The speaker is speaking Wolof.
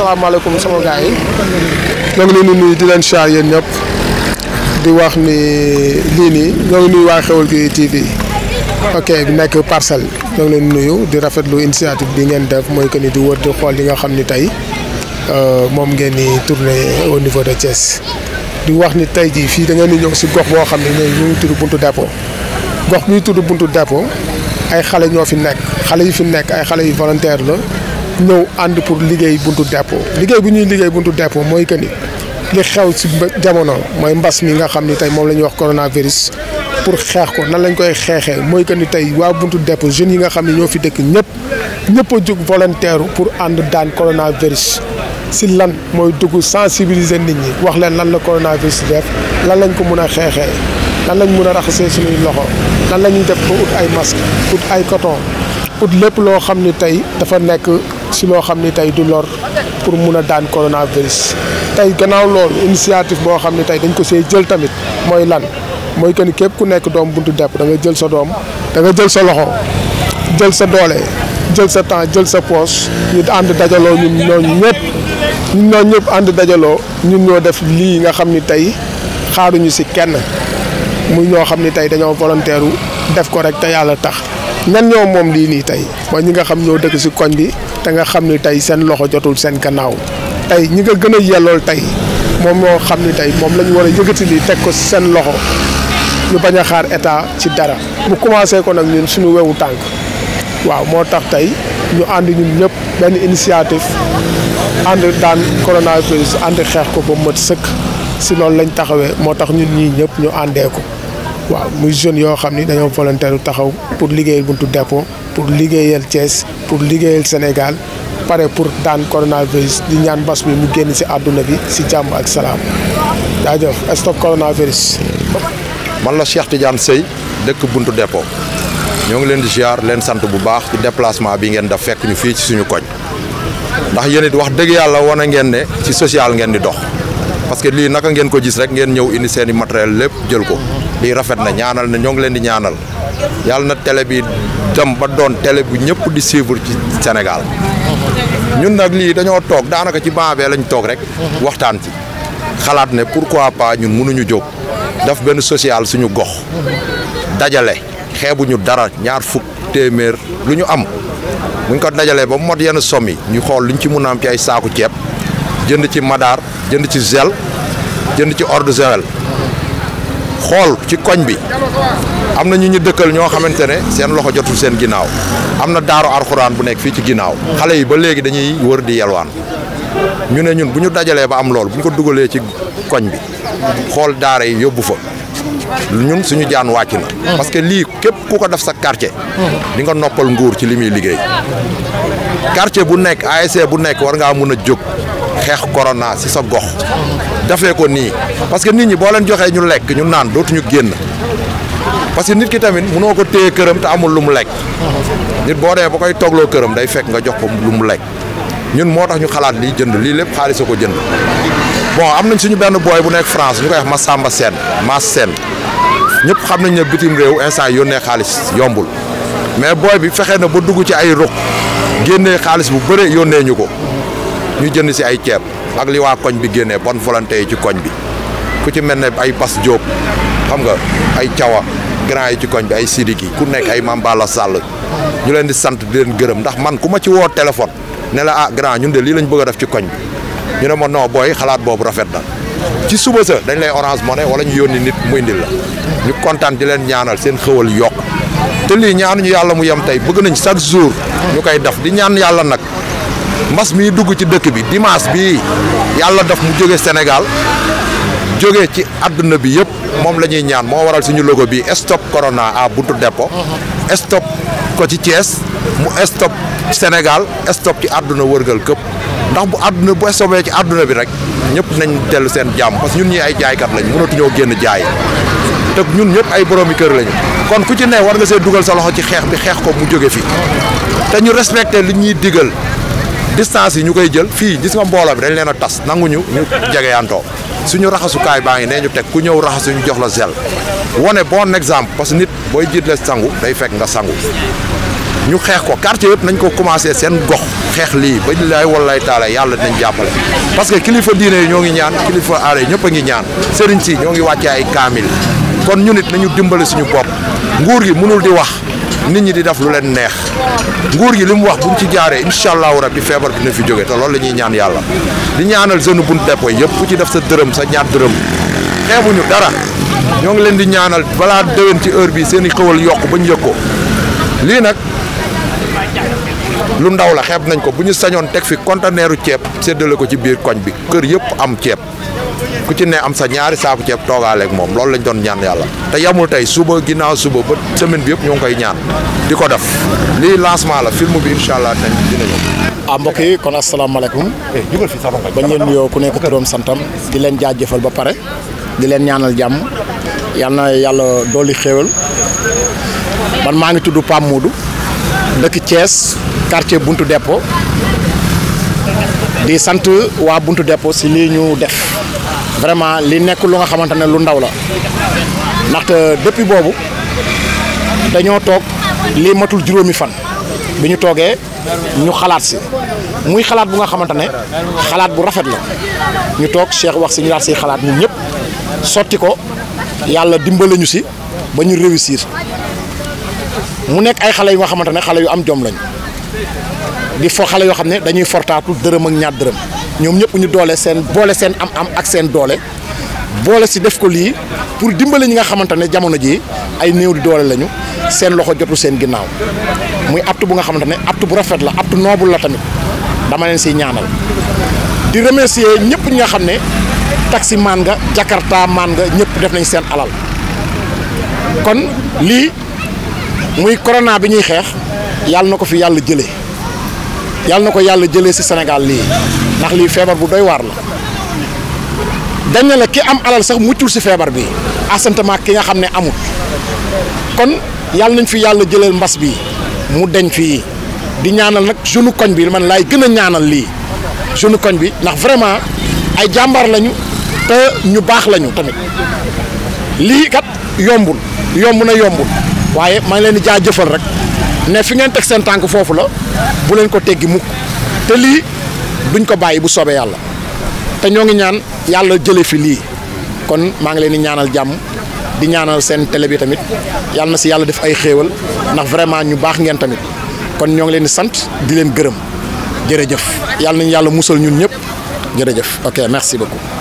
assalamualaikum sama gars yi ngi leen di nuyu di leen siyaar yéen ñëpp di wax ni li ni ñoo ngi nuyu wa Xeweul gi TV ok nek parcel ñoo ngi nuyu di rafetlu initiative bi ngeen def moy que ni di wër xol li nga xamni tay euh mom ngeen ni tourner au niveau de Thiès di wax ni tay ji fi da ngeen di ñëw si gox bo xamni ne ñu ngi tudd Buntu Dépôt gox bi tuddu Buntu Dépôt ay xalé ñoo fi nekk xale yi fi nek ay xalé yi volontaire la. ñëw ànd pour liggéey buntu dépôt liggéey bu ñuy liggéey buntu dépôt mooy que ni li xew ci jamono mooy mbas mi nga xam ni tey moom la ñuy wax coronavirus pour xeex ko nan lañ koy xeexee mooy que ni tey waa buntu dépôt jeunes yi nga xam ne ñoo fi dëkk ñëpp ñëpp a jóg volontaire pour ànd daan coronavirus. si lan mooy dugg sensibiliser nit ñi wax leen lan la coronavirus def lan lañ ko mën a xeexee lan lañ mun a raxasee suñuy loxo lan la ñuy def ko ut ay masque ut ay coton ut lépp loo xam ni tey dafa nekk. ci lo xamni tay du lor pour mëna daan coronavirus tay gënaaw lool initiative bo xamni tay dañ ko sey jël tamit moy lan moy ken kep ku nekk dom buntu depp da nga jël sa dom da nga jël sa loxo jël sa doole jël sa temps jël sa poche ñu and dajalo ñun ñoo ñepp ñun ñoo ñepp and dajalo ñun ñoo def li nga xamni tay tey xaaruñu ci kenn muy ñoo xamni ni dañoo volontaire def ko rek ta yalla tax ñan ñoo mom li ni tay mooy ñi nga xam ñoo dëkk ci koñ bi te nga xam ni tey seen loxo jotul seen gannaaw tey ñi nga gën a yellool tey moom moo xam ni tey moom lañu war a yëkkati li teg ko seen loxo ñu bañ a xaar état ci dara. mu commencé ko nag ñun suñu wewu tànk waaw moo tax tey ñu ànd ñun ñëpp benn initiative ànd daan coronavirus ànd xeex ko ba mët sëkk si loolu lañ taxawee moo tax ñun ñii ñëpp ñu àndee ko waaw muy jeunes yoo xam ni dañoo volontaire taxaw pour liggéey buntu dépôt. pour liggéeyal Thiès pour liggéeyal Sénégal pare pour dan coronavirus di ñaan bass bi mu génn ci aduna bi ci jamm ak salaam jaajëf stop coronavirus. man la Cheikh Tidiane sey dekk Buntu Dépôt ñoo ngi leen di ziar leen sante bu baax ci déplacement bi ngeen da fekk ñu fi ci suñu koñ ndax yéen wax dëgg yalla wona ngeen ne ci social ngeen di dox. parce que lii naka ngeen ko gis rek ngeen ñëw indi seeni i matériel lépp jël ko lii rafet na ñaanal na ñoo ngi leen di ñaanal yàlla na télé bi dem ba doon télé bu ñëpp di suivre ci senegal ñun nag lii dañoo toog daanaka ci banc bee lañ toog rek waxtaan ci xalaat ne pourquoi pas ñun mënuñu jóg daf benn social suñu gox dajale xeebuñu dara ñaar fukk téeméer lu ñu am buñ ko dajalee ba mu mot yenn somm yi ñu xool luñ ci mun a am ci ay saaku ceeb jënd ci madaar jënd ci gel jënd ci ordre général xool ci koñ bi am na ñu ñu dëkkal ñoo xamante ne seen loxo jotul seen ginnaaw am na daaru arxuraan bu nekk fii ci ginnaaw xale yi ba léegi dañuy wër di yelwaan ñu ne ñun bu ñu dajalee ba am loolu bu ñu ko dugalee ci koñ bi xool daara yi yóbbu fa ñun suñu jaan wàcc na parce que lii képp ku ko def sa karce di nga noppal nguur ci li muy liggéey karce bu nekk ASC e bu nekk war ngaa mun a jóg xex corona ci sa gox dafé ko ni parce que nit ñi bo leen joxé ñu lek ñu naan ñu genn parce que nit ki tamit mëno ko téye kërëm ta amul lu mu lek nit bo dé ba koy toogloo këram day fekk nga jox ko lu mu lek ñun motax ñu xalaat li jënd li lepp xaalis a ko jënd bon am suñu benn boy bu nek France ñu koy wax ma samba sen ma sen ñepp nañ ne bitim rew instant yone xaaliss yombul mais boy bi fexé na ba dugg ci ay ruq génné xaaliss bu bëre yone ñuko ñu jënd si ay ceeb ak li waa koñ bi génnee bonne volonté yi ci koñ bi ku ci mel ne ay Bas Diop xam nga ay cawa grand yi ci koñ bi ay Sidiki ku nekk ay Mambala Sall ñu leen di sant di leen gërëm ndax man ku ma ci woo téléphone ne la ah grand ñun de lii lañ bëgg def ci koñ bi ñu ne ma non booy xalaat boobu rafet na ci suba sa dañ lay orange moo ne wala ñu yónni nit mu indil la ñu kontaan di leen ñaanal seen xëwal yokk te lii ñaanuñu yàlla mu yem tey bëgg nañ chaque jour ñu koy def di ñaan yàlla nag mbas mi dugg ci dëkk bi dimanche bi yàlla daf mu jóge senegal jóge ci àdduna bi yëpp moom la ñuy ñaan moo waral suñu logo bi stop corona à buntu dépôt stop ko ci Thiès mu stop Sénégal stop ci àdduna wërgël këpp ndax bu àdduna bu stopee ci àdduna bi rek ñëpp nañ dellu seen jàmm parce que ñun ñi ay jaaykat lañ mënatuñoo génn jaay te ñun ñëpp ay boroomi kër lañu kon ku ci ne war nga see dugal sa loxo ci xeex bi xeex ko mu jóge fi te ñu respecté li distance yi ñu koy jël fii gis nga mbooloo bi dañ leen a tas nanguñu ñu jegeyantoo ñu raxasukaay baa ngi nee ñu teg ku ñëw raxas raxasu ñu jox la gel wane bon exemple parce que nit booy jiitle sangu day fekk nga sangu ñu xeex ko quartier yëpp nañ ko commencé seen gox xeex lii ba laay wallaay taala yàlla dinañ jàppale parce que kilifa diine yi ñoo ngi ñaan kilifa aada yi ñëpp a ngi ñaan sëriñ si ñoo ngi wàccee ay kaamil kon ñu nit nañu dimbale suñu bopp nguur gi di wax nit ñi di def lu leen neex nguur gi li mu wax bu ci jaaree incha allahu rabbi feebar bi na fi jóge te loolu la ñuy ñaan yàlla di ñaanal jeune bunt dépôt yëpp ku ci def sa dërëm sa ñaat dërëm ñu dara ñoo ngi leen di ñaanal balaa déwén ci heure bi seen i xëwal yokk bañ yëg ko lii nag lu ndaw la xeeb nañ ko bu ñu sañoon teg fi conteneeru ceeb séddale ko ci biir koñ bi kër yëpp am ceeb ku ci ne am sa ñaari saaku ceeb toogaaleeg moom loolu lañ doon ñaan yàlla te yamul tey suba ginnaaw suba ba semaine bi yëpp ñoo ngi koy ñaan di ko def lii lancement la film bi incha allah nañ dina ñëw. ah mbokk yi kon asalaamaaleykum. jugal eh, fi sama bañ leen nuyoo ku nekk turam santam di leen jaajëfal ba pare di leen ñaanal jàmm yal yàlla dolli xéewal man maa ngi tudd Pape Modou quartier Buntu Dépôt di sant waa Buntu Dépôt si lii ñu def vraiment li nekk lu nga xamante ne lu ndaw la ndaxte depuis boobu dañoo toog lii matul juróomi fan bi ñu toogee ñu xalaat si muy xalaat bu nga xamante ne xalaat bu rafet la ñu toog Cheikh wax si ñu daal si xalaat ñun ñëpp sotti ko yàlla dimbale ñu si ba ñu réussir mu nekk ay xale yu nga xamante ne xale yu am jom lañ di fo xalé yo xamné dañuy fortatu deureum ak ñaar deureum ñom ñëpp ñu doole seen boole seen am-am ak seen doole boole si def ko li pour dimbale ñi nga xamantane jamono ji ay neew di doole lañu seen loxo jotu seen ginnaw muy aptu bu nga xamantane ne aptu bu rafet la aptu noble la tamit dama len ci ñaanal di remercier ñëpp ñi nga xamné taxi man nga jakarta man nga ñëpp def nañ seen alal kon li muy corona bi ñuy xex yalla nako fi yalla jëlé yàlla na ko yàlla jëlee si Sénégal lii ndax lii feebar bu doy waar la dañ ne la ki am alal sax muccul si feebar bi asantement ki nga xam ne amut kon yàlla nañ fi yàlla jëleel mbas bi mu deñ fii di ñaanal nag jeune koñ bi man laay gën a ñaanal lii jeune koñ bi ndax vraiment ay jàmbaar lañu te ñu baax lañu tamit lii kat yombul yomb na yombul waaye maa ngi leen di jaajëfal rek ne fi ngeen teg seen tànk foofu la bu leen ko teggi mukk te lii duñ ko bàyyi bu soobee yàlla te ñoo ngi ñaan yàlla jële fi lii kon maa ngi leen di ñaanal jàmm di ñaanal seen télé bi tamit yàlla na si yàlla def ay xéewal ndax vraiment ñu baax ngeen tamit kon ñoo ngi leen di sant di leen gërëm jërëjëf yàlla nañu yàlla musal ñun ñëpp jërëjëf ok merci beaucoup